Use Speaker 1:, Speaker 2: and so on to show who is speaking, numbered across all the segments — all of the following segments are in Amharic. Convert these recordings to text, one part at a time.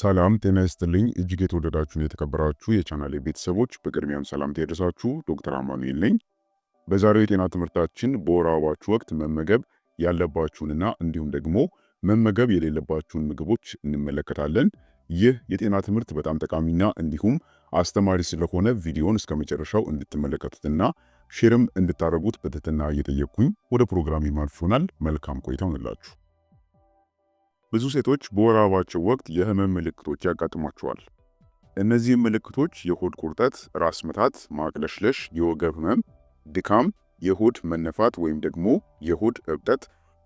Speaker 1: ሰላም ጤና ይስጥልኝ። እጅግ የተወደዳችሁ የተከበራችሁ የቻናል ቤተሰቦች በቅድሚያም ሰላም ይድረሳችሁ። ዶክተር አማኑኤል ነኝ። በዛሬው የጤና ትምህርታችን በወር አበባችሁ ወቅት መመገብ ያለባችሁንና እንዲሁም ደግሞ መመገብ የሌለባችሁን ምግቦች እንመለከታለን። ይህ የጤና ትምህርት በጣም ጠቃሚና እንዲሁም አስተማሪ ስለሆነ ቪዲዮን እስከ መጨረሻው እንድትመለከቱትና ሼርም እንድታደርጉት በትህትና እየጠየቅኩኝ ወደ ፕሮግራም ይማልፍ ይሆናል። መልካም ቆይታ ሆንላችሁ። ብዙ ሴቶች በወር አበባቸው ወቅት የህመም ምልክቶች ያጋጥሟቸዋል። እነዚህም ምልክቶች የሆድ ቁርጠት፣ ራስ ምታት፣ ማቅለሽለሽ፣ የወገብ ህመም፣ ድካም፣ የሆድ መነፋት ወይም ደግሞ የሆድ እብጠት፣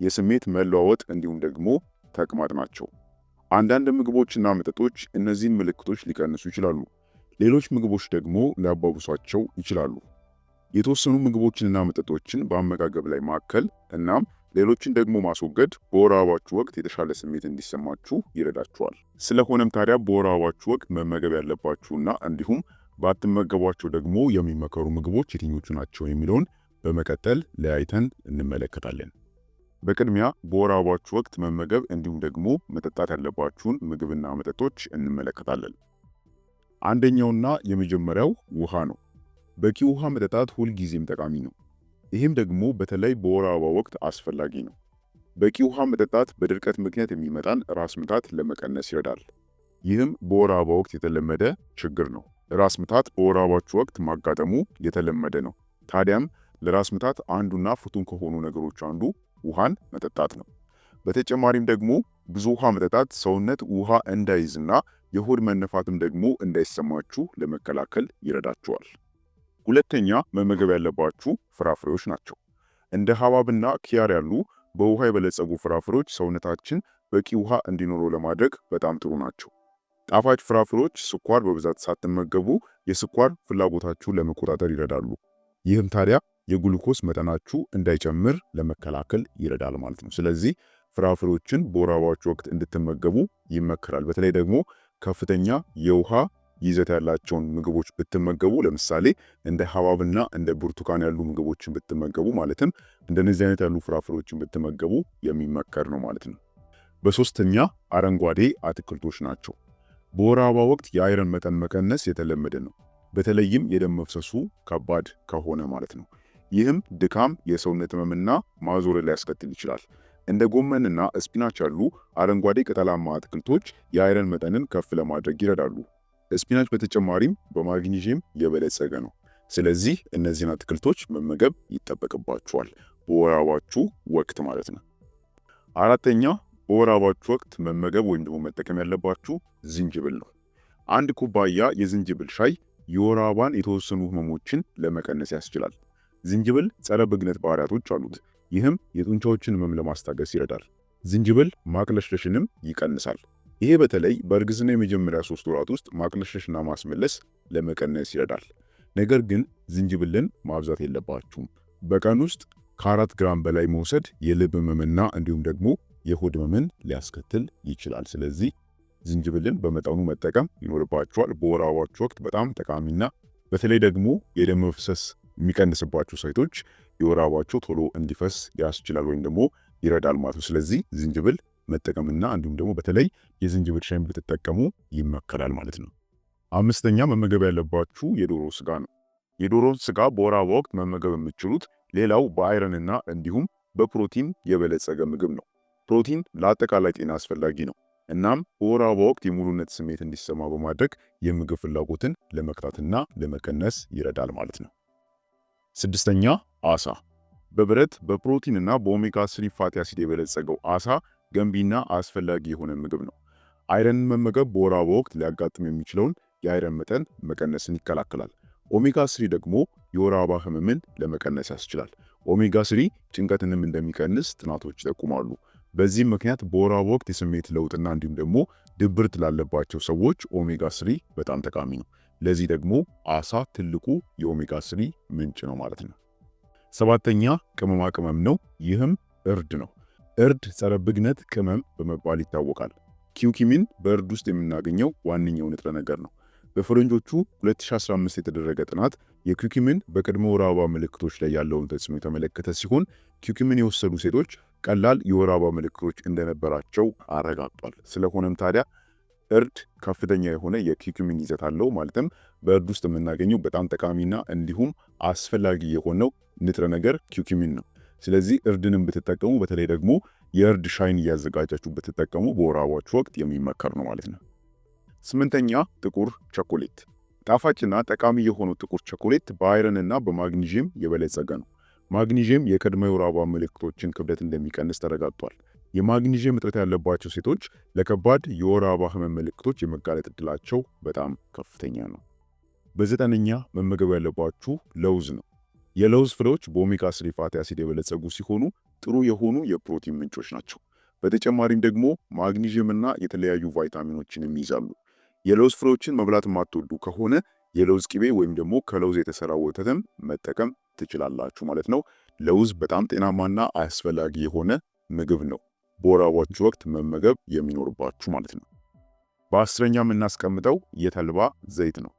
Speaker 1: የስሜት መለዋወጥ እንዲሁም ደግሞ ተቅማጥ ናቸው። አንዳንድ ምግቦችና መጠጦች እነዚህን ምልክቶች ሊቀንሱ ይችላሉ። ሌሎች ምግቦች ደግሞ ሊያባብሷቸው ይችላሉ። የተወሰኑ ምግቦችንና መጠጦችን በአመጋገብ ላይ ማከል እናም ሌሎችን ደግሞ ማስወገድ በወር አበባችሁ ወቅት የተሻለ ስሜት እንዲሰማችሁ ይረዳችኋል። ስለሆነም ታዲያ በወር አበባችሁ ወቅት መመገብ ያለባችሁና እንዲሁም ባትመገቧቸው ደግሞ የሚመከሩ ምግቦች የትኞቹ ናቸው የሚለውን በመቀጠል ለያይተን እንመለከታለን። በቅድሚያ በወር አበባችሁ ወቅት መመገብ እንዲሁም ደግሞ መጠጣት ያለባችሁን ምግብና መጠጦች እንመለከታለን። አንደኛውና የመጀመሪያው ውሃ ነው። በቂ ውሃ መጠጣት ሁልጊዜም ጠቃሚ ነው። ይህም ደግሞ በተለይ በወር አበባ ወቅት አስፈላጊ ነው። በቂ ውሃ መጠጣት በድርቀት ምክንያት የሚመጣን ራስ ምታት ለመቀነስ ይረዳል። ይህም በወር አበባ ወቅት የተለመደ ችግር ነው። ራስ ምታት በወር አበባችሁ ወቅት ማጋጠሙ የተለመደ ነው። ታዲያም ለራስ ምታት አንዱና ፍቱን ከሆኑ ነገሮች አንዱ ውሃን መጠጣት ነው። በተጨማሪም ደግሞ ብዙ ውሃ መጠጣት ሰውነት ውሃ እንዳይዝና የሆድ መነፋትም ደግሞ እንዳይሰማችሁ ለመከላከል ይረዳችኋል። ሁለተኛ መመገብ ያለባችሁ ፍራፍሬዎች ናቸው። እንደ ሐብሐብና ኪያር ያሉ በውሃ የበለጸጉ ፍራፍሬዎች ሰውነታችን በቂ ውሃ እንዲኖረው ለማድረግ በጣም ጥሩ ናቸው። ጣፋጭ ፍራፍሬዎች ስኳር በብዛት ሳትመገቡ የስኳር ፍላጎታችሁን ለመቆጣጠር ይረዳሉ። ይህም ታዲያ የግሉኮስ መጠናችሁ እንዳይጨምር ለመከላከል ይረዳል ማለት ነው። ስለዚህ ፍራፍሬዎችን በወር አበባችሁ ወቅት እንድትመገቡ ይመከራል። በተለይ ደግሞ ከፍተኛ የውሃ ይዘት ያላቸውን ምግቦች ብትመገቡ ለምሳሌ እንደ ሀባብና እንደ ብርቱካን ያሉ ምግቦችን ብትመገቡ ማለትም እንደነዚህ አይነት ያሉ ፍራፍሬዎችን ብትመገቡ የሚመከር ነው ማለት ነው። በሶስተኛ አረንጓዴ አትክልቶች ናቸው። በወር አበባ ወቅት የአይረን መጠን መቀነስ የተለመደ ነው። በተለይም የደም መፍሰሱ ከባድ ከሆነ ማለት ነው። ይህም ድካም፣ የሰውነት ህመምና ማዞር ሊያስከትል ይችላል። እንደ ጎመንና ስፒናች ያሉ አረንጓዴ ቅጠላማ አትክልቶች የአይረን መጠንን ከፍ ለማድረግ ይረዳሉ። ከስፒናች በተጨማሪም በማግኒዥየም የበለጸገ ነው። ስለዚህ እነዚህን አትክልቶች መመገብ ይጠበቅባችኋል፣ በወር አበባችሁ ወቅት ማለት ነው። አራተኛ በወር አበባችሁ ወቅት መመገብ ወይም ደግሞ መጠቀም ያለባችሁ ዝንጅብል ነው። አንድ ኩባያ የዝንጅብል ሻይ የወር አበባን የተወሰኑ ህመሞችን ለመቀነስ ያስችላል። ዝንጅብል ጸረ ብግነት ባህሪያቶች አሉት። ይህም የጡንቻዎችን ህመም ለማስታገስ ይረዳል። ዝንጅብል ማቅለሽለሽንም ይቀንሳል። ይሄ በተለይ በእርግዝና የመጀመሪያ ሶስት ወራት ውስጥ ማቅለሽለሽና ማስመለስ ለመቀነስ ይረዳል። ነገር ግን ዝንጅብልን ማብዛት የለባችሁም። በቀን ውስጥ ከአራት ግራም በላይ መውሰድ የልብ ህመምና እንዲሁም ደግሞ የሆድ ህመምን ሊያስከትል ይችላል። ስለዚህ ዝንጅብልን በመጠኑ መጠቀም ይኖርባችኋል። በወር አበባችሁ ወቅት በጣም ጠቃሚና በተለይ ደግሞ የደም መፍሰስ የሚቀንስባቸው ሴቶች የወር አበባቸው ቶሎ እንዲፈስ ያስችላል ወይም ደግሞ ይረዳል ማለት ነው። ስለዚህ ዝንጅብል መጠቀምና እንዲሁም ደግሞ በተለይ የዝንጅብል ሻይን ብትጠቀሙ ይመከራል ማለት ነው። አምስተኛ መመገብ ያለባችሁ የዶሮ ስጋ ነው። የዶሮን ስጋ በወራባ ወቅት መመገብ የምትችሉት ሌላው በአይረንና እንዲሁም በፕሮቲን የበለጸገ ምግብ ነው። ፕሮቲን ለአጠቃላይ ጤና አስፈላጊ ነው። እናም በወራባ ወቅት የሙሉነት ስሜት እንዲሰማ በማድረግ የምግብ ፍላጎትን ለመቅጣትና ለመቀነስ ይረዳል ማለት ነው። ስድስተኛ አሳ በብረት በፕሮቲንና በኦሜጋ ስሪ ፋቲ አሲድ የበለጸገው አሳ ገንቢና አስፈላጊ የሆነ ምግብ ነው። አይረንን መመገብ በወር አበባ ወቅት ሊያጋጥም የሚችለውን የአይረን መጠን መቀነስን ይከላከላል። ኦሜጋ ስሪ ደግሞ የወር አበባ ህመምን ለመቀነስ ያስችላል። ኦሜጋ ስሪ ጭንቀትንም እንደሚቀንስ ጥናቶች ይጠቁማሉ። በዚህም ምክንያት በወር አበባ ወቅት የስሜት ለውጥና እንዲሁም ደግሞ ድብርት ላለባቸው ሰዎች ኦሜጋ ስሪ በጣም ጠቃሚ ነው። ለዚህ ደግሞ አሳ ትልቁ የኦሜጋ ስሪ ምንጭ ነው ማለት ነው። ሰባተኛ ቅመማ ቅመም ነው። ይህም እርድ ነው። እርድ ጸረ ብግነት ቅመም በመባል ይታወቃል። ኪውኪሚን በእርድ ውስጥ የምናገኘው ዋነኛው ንጥረ ነገር ነው። በፈረንጆቹ 2015 የተደረገ ጥናት የኪውኪሚን በቅድመ ወር አበባ ምልክቶች ላይ ያለውን ተጽዕኖ የተመለከተ ሲሆን ኪውኪሚን የወሰዱ ሴቶች ቀላል የወር አበባ ምልክቶች እንደነበራቸው አረጋግጧል። ስለሆነም ታዲያ እርድ ከፍተኛ የሆነ የኪውኪሚን ይዘት አለው። ማለትም በእርድ ውስጥ የምናገኘው በጣም ጠቃሚና እንዲሁም አስፈላጊ የሆነው ንጥረ ነገር ኪውኪሚን ነው። ስለዚህ እርድንም ብትጠቀሙ በተለይ ደግሞ የእርድ ሻይን እያዘጋጃችሁ ብትጠቀሙ በወር አበባችሁ ወቅት የሚመከር ነው ማለት ነው። ስምንተኛ ጥቁር ቸኮሌት። ጣፋጭና ጠቃሚ የሆነው ጥቁር ቸኮሌት በአይረንና በማግኒዥየም የበለጸገ ነው። ማግኒዥየም የቅድመ ወር አበባ ምልክቶችን ክብደት እንደሚቀንስ ተረጋግጧል። የማግኒዥየም እጥረት ያለባቸው ሴቶች ለከባድ የወር አበባ ህመም ምልክቶች የመጋለጥ እድላቸው በጣም ከፍተኛ ነው። በዘጠነኛ መመገብ ያለባችሁ ለውዝ ነው። የለውዝ ፍሬዎች በኦሜጋ ስሪ ፋቲ አሲድ የበለጸጉ ሲሆኑ ጥሩ የሆኑ የፕሮቲን ምንጮች ናቸው። በተጨማሪም ደግሞ ማግኒዥየም እና የተለያዩ ቫይታሚኖችንም ይይዛሉ። የለውዝ ፍሬዎችን መብላት የማትወዱ ከሆነ የለውዝ ቅቤ ወይም ደግሞ ከለውዝ የተሰራ ወተትም መጠቀም ትችላላችሁ ማለት ነው። ለውዝ በጣም ጤናማና አስፈላጊ የሆነ ምግብ ነው። በወር ወቅት መመገብ የሚኖርባችሁ ማለት ነው። በአስረኛ የምናስቀምጠው የተልባ ዘይት ነው።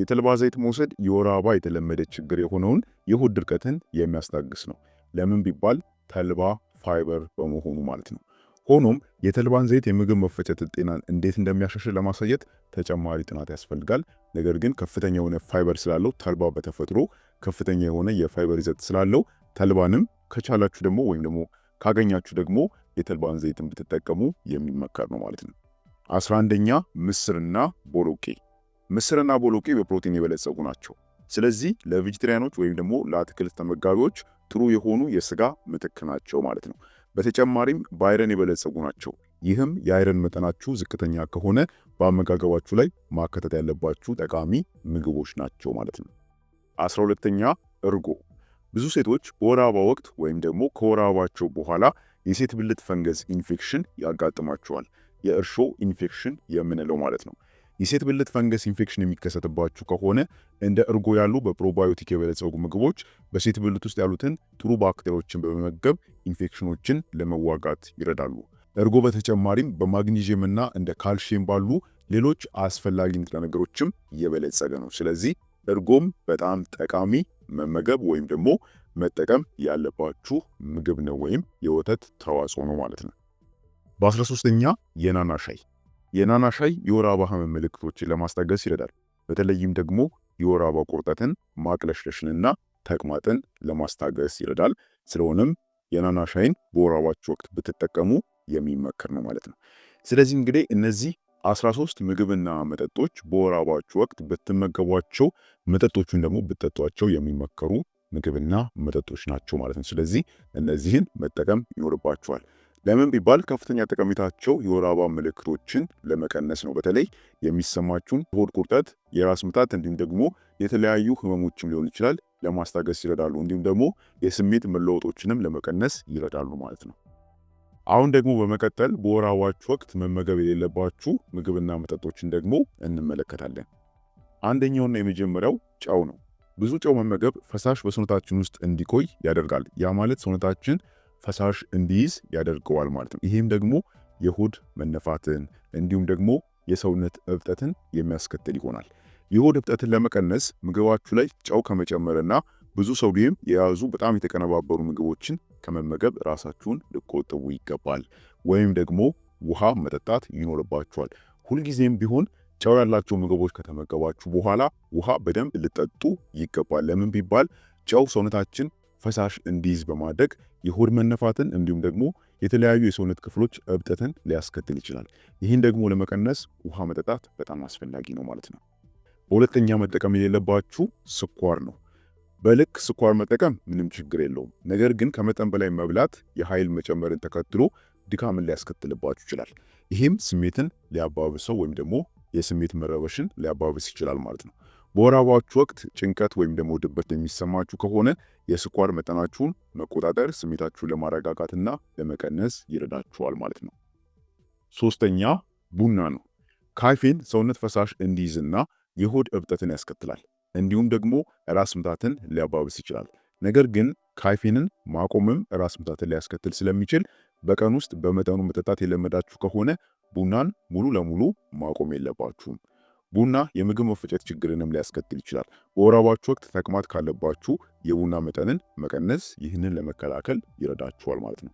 Speaker 1: የተልባ ዘይት መውሰድ የወር አበባ የተለመደ ችግር የሆነውን የሆድ ድርቀትን የሚያስታግስ ነው። ለምን ቢባል ተልባ ፋይበር በመሆኑ ማለት ነው። ሆኖም የተልባን ዘይት የምግብ መፈጨት ጤናን እንዴት እንደሚያሻሽል ለማሳየት ተጨማሪ ጥናት ያስፈልጋል። ነገር ግን ከፍተኛ የሆነ ፋይበር ስላለው ተልባ በተፈጥሮ ከፍተኛ የሆነ የፋይበር ይዘት ስላለው ተልባንም ከቻላችሁ ደግሞ ወይም ደግሞ ካገኛችሁ ደግሞ የተልባን ዘይትን ብትጠቀሙ የሚመከር ነው ማለት ነው። አስራ አንደኛ ምስርና ቦሎቄ ምስርና ቦሎቄ በፕሮቲን የበለጸጉ ናቸው። ስለዚህ ለቬጅተሪያኖች ወይም ደግሞ ለአትክልት ተመጋቢዎች ጥሩ የሆኑ የስጋ ምትክ ናቸው ማለት ነው። በተጨማሪም በአይረን የበለጸጉ ናቸው። ይህም የአይረን መጠናችሁ ዝቅተኛ ከሆነ በአመጋገባችሁ ላይ ማካተት ያለባችሁ ጠቃሚ ምግቦች ናቸው ማለት ነው። አስራ ሁለተኛ እርጎ። ብዙ ሴቶች በወር አበባ ወቅት ወይም ደግሞ ከወር አበባቸው በኋላ የሴት ብልት ፈንገስ ኢንፌክሽን ያጋጥማቸዋል። የእርሾ ኢንፌክሽን የምንለው ማለት ነው። የሴት ብልት ፈንገስ ኢንፌክሽን የሚከሰትባችሁ ከሆነ እንደ እርጎ ያሉ በፕሮባዮቲክ የበለጸጉ ምግቦች በሴት ብልት ውስጥ ያሉትን ጥሩ ባክቴሪያዎችን በመመገብ ኢንፌክሽኖችን ለመዋጋት ይረዳሉ። እርጎ በተጨማሪም በማግኒዥየም እና እንደ ካልሽየም ባሉ ሌሎች አስፈላጊ ንጥረ ነገሮችም የበለጸገ ነው። ስለዚህ እርጎም በጣም ጠቃሚ መመገብ ወይም ደግሞ መጠቀም ያለባችሁ ምግብ ነው፣ ወይም የወተት ተዋጽኦ ነው ማለት ነው። 13 ሶስተኛ የናና ሻይ የናና ሻይ የወር አበባ ህመም ምልክቶችን ለማስታገስ ይረዳል። በተለይም ደግሞ የወር አበባ ቁርጠትን፣ ማቅለሽለሽንና ተቅማጥን ለማስታገስ ይረዳል። ስለሆነም የናና ሻይን በወር አበባችሁ ወቅት ብትጠቀሙ የሚመከር ነው ማለት ነው። ስለዚህ እንግዲህ እነዚህ 13 ምግብና መጠጦች በወር አበባችሁ ወቅት ብትመገቧቸው፣ መጠጦቹን ደግሞ ብትጠጧቸው የሚመከሩ ምግብና መጠጦች ናቸው ማለት ነው። ስለዚህ እነዚህን መጠቀም ይኖርባችኋል። ለምን ቢባል ከፍተኛ ጠቀሜታቸው የወር አበባ ምልክቶችን ለመቀነስ ነው። በተለይ የሚሰማችሁን ሆድ ቁርጠት፣ የራስ ምታት እንዲሁም ደግሞ የተለያዩ ህመሞችም ሊሆን ይችላል ለማስታገስ ይረዳሉ። እንዲሁም ደግሞ የስሜት መለወጦችንም ለመቀነስ ይረዳሉ ማለት ነው። አሁን ደግሞ በመቀጠል በወር አበባችሁ ወቅት መመገብ የሌለባችሁ ምግብና መጠጦችን ደግሞ እንመለከታለን። አንደኛውና የመጀመሪያው ጨው ነው። ብዙ ጨው መመገብ ፈሳሽ በሰውነታችን ውስጥ እንዲቆይ ያደርጋል። ያ ማለት ሰውነታችን ፈሳሽ እንዲይዝ ያደርገዋል ማለት ነው። ይህም ደግሞ የሆድ መነፋትን እንዲሁም ደግሞ የሰውነት እብጠትን የሚያስከትል ይሆናል። የሆድ እብጠትን ለመቀነስ ምግባችሁ ላይ ጨው ከመጨመርና ብዙ ሶዲየም የያዙ በጣም የተቀነባበሩ ምግቦችን ከመመገብ ራሳችሁን ልቆጥቡ ይገባል። ወይም ደግሞ ውሃ መጠጣት ይኖርባችኋል። ሁልጊዜም ቢሆን ጨው ያላቸው ምግቦች ከተመገባችሁ በኋላ ውሃ በደንብ ልጠጡ ይገባል። ለምን ቢባል ጨው ሰውነታችን ፈሳሽ እንዲይዝ በማድረግ የሆድ መነፋትን እንዲሁም ደግሞ የተለያዩ የሰውነት ክፍሎች እብጠትን ሊያስከትል ይችላል። ይህን ደግሞ ለመቀነስ ውሃ መጠጣት በጣም አስፈላጊ ነው ማለት ነው። በሁለተኛ መጠቀም የሌለባችሁ ስኳር ነው። በልክ ስኳር መጠቀም ምንም ችግር የለውም። ነገር ግን ከመጠን በላይ መብላት የኃይል መጨመርን ተከትሎ ድካምን ሊያስከትልባችሁ ይችላል። ይህም ስሜትን ሊያባብሰው ወይም ደግሞ የስሜት መረበሽን ሊያባብስ ይችላል ማለት ነው። በወር አበባችሁ ወቅት ጭንቀት ወይም ደግሞ ድብርት የሚሰማችሁ ከሆነ የስኳር መጠናችሁን መቆጣጠር ስሜታችሁን ለማረጋጋትና ለመቀነስ ይረዳችኋል ማለት ነው። ሶስተኛ ቡና ነው። ካፌን ሰውነት ፈሳሽ እንዲይዝና የሆድ እብጠትን ያስከትላል። እንዲሁም ደግሞ ራስ ምታትን ሊያባብስ ይችላል። ነገር ግን ካፌንን ማቆምም ራስ ምታትን ሊያስከትል ስለሚችል በቀን ውስጥ በመጠኑ መጠጣት የለመዳችሁ ከሆነ ቡናን ሙሉ ለሙሉ ማቆም የለባችሁም። ቡና የምግብ መፈጨት ችግርንም ሊያስከትል ይችላል። በወራባችሁ ወቅት ተቅማጥ ካለባችሁ የቡና መጠንን መቀነስ ይህንን ለመከላከል ይረዳችኋል ማለት ነው።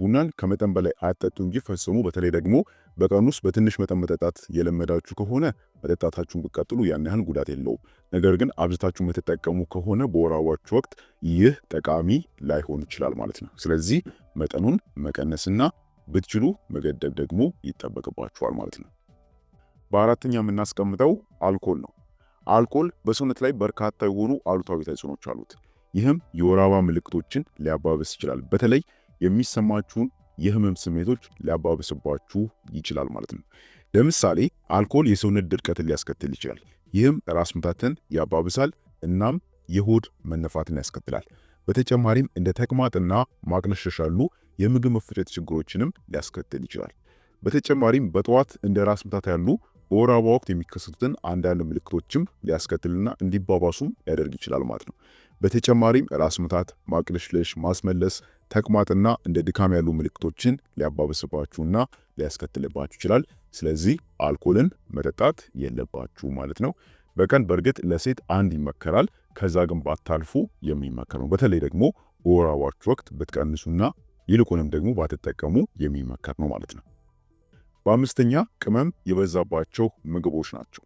Speaker 1: ቡናን ከመጠን በላይ አያጠጡ እንጂ ፈጽሙ። በተለይ ደግሞ በቀን ውስጥ በትንሽ መጠን መጠጣት የለመዳችሁ ከሆነ መጠጣታችሁን ብቀጥሉ ያን ያህል ጉዳት የለውም። ነገር ግን አብዝታችሁ የምትጠቀሙ ከሆነ በወር አበባችሁ ወቅት ይህ ጠቃሚ ላይሆን ይችላል ማለት ነው። ስለዚህ መጠኑን መቀነስና ብትችሉ መገደብ ደግሞ ይጠበቅባችኋል ማለት ነው። በአራተኛ የምናስቀምጠው አልኮል ነው። አልኮል በሰውነት ላይ በርካታ የሆኑ አሉታዊ ተጽዕኖች አሉት። ይህም የወር አበባ ምልክቶችን ሊያባብስ ይችላል። በተለይ የሚሰማችሁን የህመም ስሜቶች ሊያባብስባችሁ ይችላል ማለት ነው። ለምሳሌ አልኮል የሰውነት ድርቀትን ሊያስከትል ይችላል። ይህም ራስ ምታትን ያባብሳል፣ እናም የሆድ መነፋትን ያስከትላል። በተጨማሪም እንደ ተቅማጥና ማቅለሽለሽ ያሉ የምግብ መፈጨት ችግሮችንም ሊያስከትል ይችላል። በተጨማሪም በጠዋት እንደ ራስ ምታት ያሉ በወር አበባ ወቅት የሚከሰቱትን አንዳንድ ምልክቶችም ሊያስከትልና እንዲባባሱም ሊያደርግ ይችላል ማለት ነው። በተጨማሪም ራስ ምታት፣ ማቅለሽለሽ፣ ማስመለስ፣ ተቅማጥና እንደ ድካም ያሉ ምልክቶችን ሊያባበስባችሁና ሊያስከትልባችሁ ይችላል። ስለዚህ አልኮልን መጠጣት የለባችሁ ማለት ነው። በቀን በእርግጥ ለሴት አንድ ይመከራል። ከዛ ግን ባታልፉ የሚመከር ነው። በተለይ ደግሞ በወር አበባችሁ ወቅት ብትቀንሱና ይልቁንም ደግሞ ባትጠቀሙ የሚመከር ነው ማለት ነው። በአምስተኛ ቅመም የበዛባቸው ምግቦች ናቸው።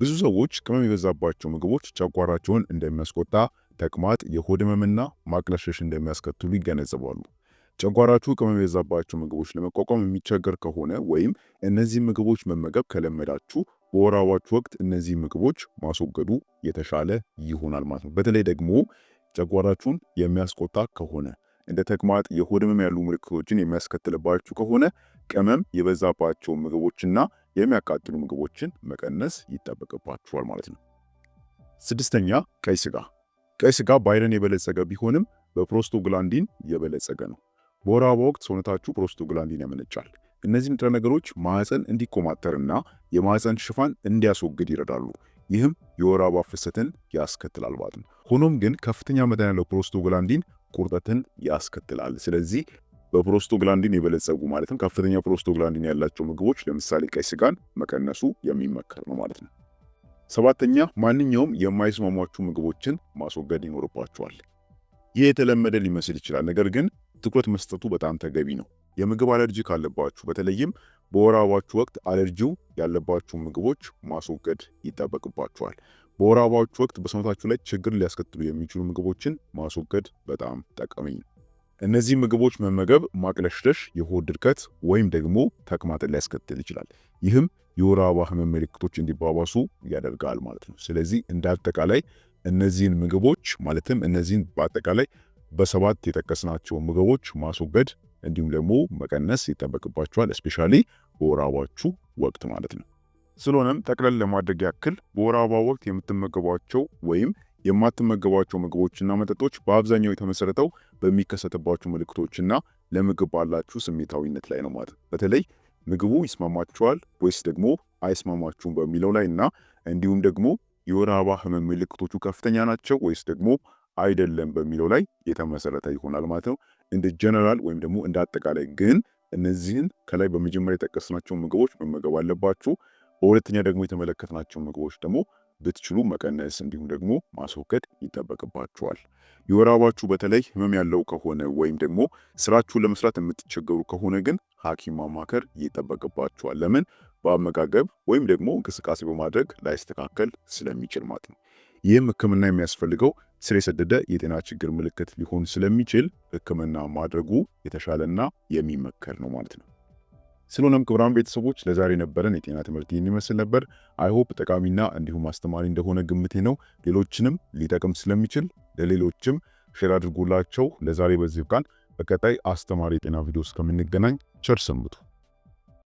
Speaker 1: ብዙ ሰዎች ቅመም የበዛባቸው ምግቦች ጨጓራቸውን እንደሚያስቆጣ፣ ተቅማጥ፣ የሆድ ህመምና እንደሚያስከትሉ ይገነዘባሉ። ጨጓራችሁ ቅመም የበዛባቸው ምግቦች ለመቋቋም የሚቸገር ከሆነ ወይም እነዚህ ምግቦች መመገብ ከለመዳችሁ በወር አበባችሁ ወቅት እነዚህ ምግቦች ማስወገዱ የተሻለ ይሆናል ማለት ነው። በተለይ ደግሞ ጨጓራችሁን የሚያስቆጣ ከሆነ እንደ ተቅማጥ፣ የሆድ ህመም ያሉ ምልክቶችን የሚያስከትልባችሁ ከሆነ ቅመም የበዛባቸው ምግቦችና የሚያቃጥሉ ምግቦችን መቀነስ ይጠበቅባችኋል ማለት ነው። ስድስተኛ ቀይ ስጋ። ቀይ ስጋ በአይረን የበለጸገ ቢሆንም በፕሮስቶግላንዲን የበለጸገ ነው። በወር አበባ ወቅት ሰውነታችሁ ፕሮስቶግላንዲን ያመነጫል። እነዚህ ንጥረ ነገሮች ማህፀን እንዲቆማተርና የማህፀን ሽፋን እንዲያስወግድ ይረዳሉ። ይህም የወር አበባ ፍሰትን ያስከትላል ማለት ነው። ሆኖም ግን ከፍተኛ መጠን ያለው ፕሮስቶግላንዲን ቁርጠትን ያስከትላል። ስለዚህ በፕሮስቶግላንዲን የበለጸጉ ማለትም ከፍተኛ ፕሮስቶግላንዲን ያላቸው ምግቦች ለምሳሌ ቀይ ስጋን መቀነሱ የሚመከር ነው ማለት ነው። ሰባተኛ ማንኛውም የማይስማሟችሁ ምግቦችን ማስወገድ ይኖርባችኋል። ይህ የተለመደ ሊመስል ይችላል፣ ነገር ግን ትኩረት መስጠቱ በጣም ተገቢ ነው። የምግብ አለርጂ ካለባችሁ በተለይም በወር አበባችሁ ወቅት አለርጂው ያለባችሁ ምግቦች ማስወገድ ይጠበቅባችኋል። በወር አበባዎች ወቅት በሰውነታችሁ ላይ ችግር ሊያስከትሉ የሚችሉ ምግቦችን ማስወገድ በጣም ጠቃሚ ነው። እነዚህ ምግቦች መመገብ ማቅለሽለሽ፣ የሆድ ድርቀት ወይም ደግሞ ተቅማጥን ሊያስከትል ይችላል። ይህም የወር አበባ ህመም ምልክቶች እንዲባባሱ ያደርጋል ማለት ነው። ስለዚህ እንደ አጠቃላይ እነዚህን ምግቦች ማለትም እነዚህን በአጠቃላይ በሰባት የጠቀስናቸውን ምግቦች ማስወገድ እንዲሁም ደግሞ መቀነስ ይጠበቅባቸዋል። እስፔሻሊ በወር አበባችሁ ወቅት ማለት ነው። ስለሆነም ጠቅለል ለማድረግ ያክል በወር አበባ ወቅት የምትመገቧቸው ወይም የማትመገቧቸው ምግቦችና መጠጦች በአብዛኛው የተመሰረተው በሚከሰትባቸው ምልክቶችና ለምግብ ባላችሁ ስሜታዊነት ላይ ነው ማለት። በተለይ ምግቡ ይስማማችኋል ወይስ ደግሞ አይስማማችሁም በሚለው ላይ እና እንዲሁም ደግሞ የወር አበባ ህመም ምልክቶቹ ከፍተኛ ናቸው ወይስ ደግሞ አይደለም በሚለው ላይ የተመሰረተ ይሆናል ማለት ነው። እንደ ጀነራል ወይም ደግሞ እንደ አጠቃላይ ግን እነዚህን ከላይ በመጀመሪያ የጠቀስናቸው ምግቦች መመገብ አለባችሁ። በሁለተኛ ደግሞ የተመለከትናቸው ምግቦች ደግሞ ብትችሉ መቀነስ እንዲሁም ደግሞ ማስወገድ ይጠበቅባቸዋል። የወር አበባችሁ በተለይ ህመም ያለው ከሆነ ወይም ደግሞ ስራችሁን ለመስራት የምትቸገሩ ከሆነ ግን ሐኪም ማማከር ይጠበቅባቸዋል። ለምን? በአመጋገብ ወይም ደግሞ እንቅስቃሴ በማድረግ ላይስተካከል ስለሚችል ማለት ነው። ይህም ህክምና የሚያስፈልገው ስር የሰደደ የጤና ችግር ምልክት ሊሆን ስለሚችል ህክምና ማድረጉ የተሻለና የሚመከር ነው ማለት ነው። ስለሆነም ክቡራን ቤተሰቦች ለዛሬ ነበረን የጤና ትምህርት ይህን ይመስል ነበር። አይሆፕ ጠቃሚና እንዲሁም አስተማሪ እንደሆነ ግምቴ ነው። ሌሎችንም ሊጠቅም ስለሚችል ለሌሎችም ሼር አድርጎላቸው። ለዛሬ በዚህ ቃል በቀጣይ አስተማሪ የጤና ቪዲዮ እስከምንገናኝ ቸር ሰንብቱ።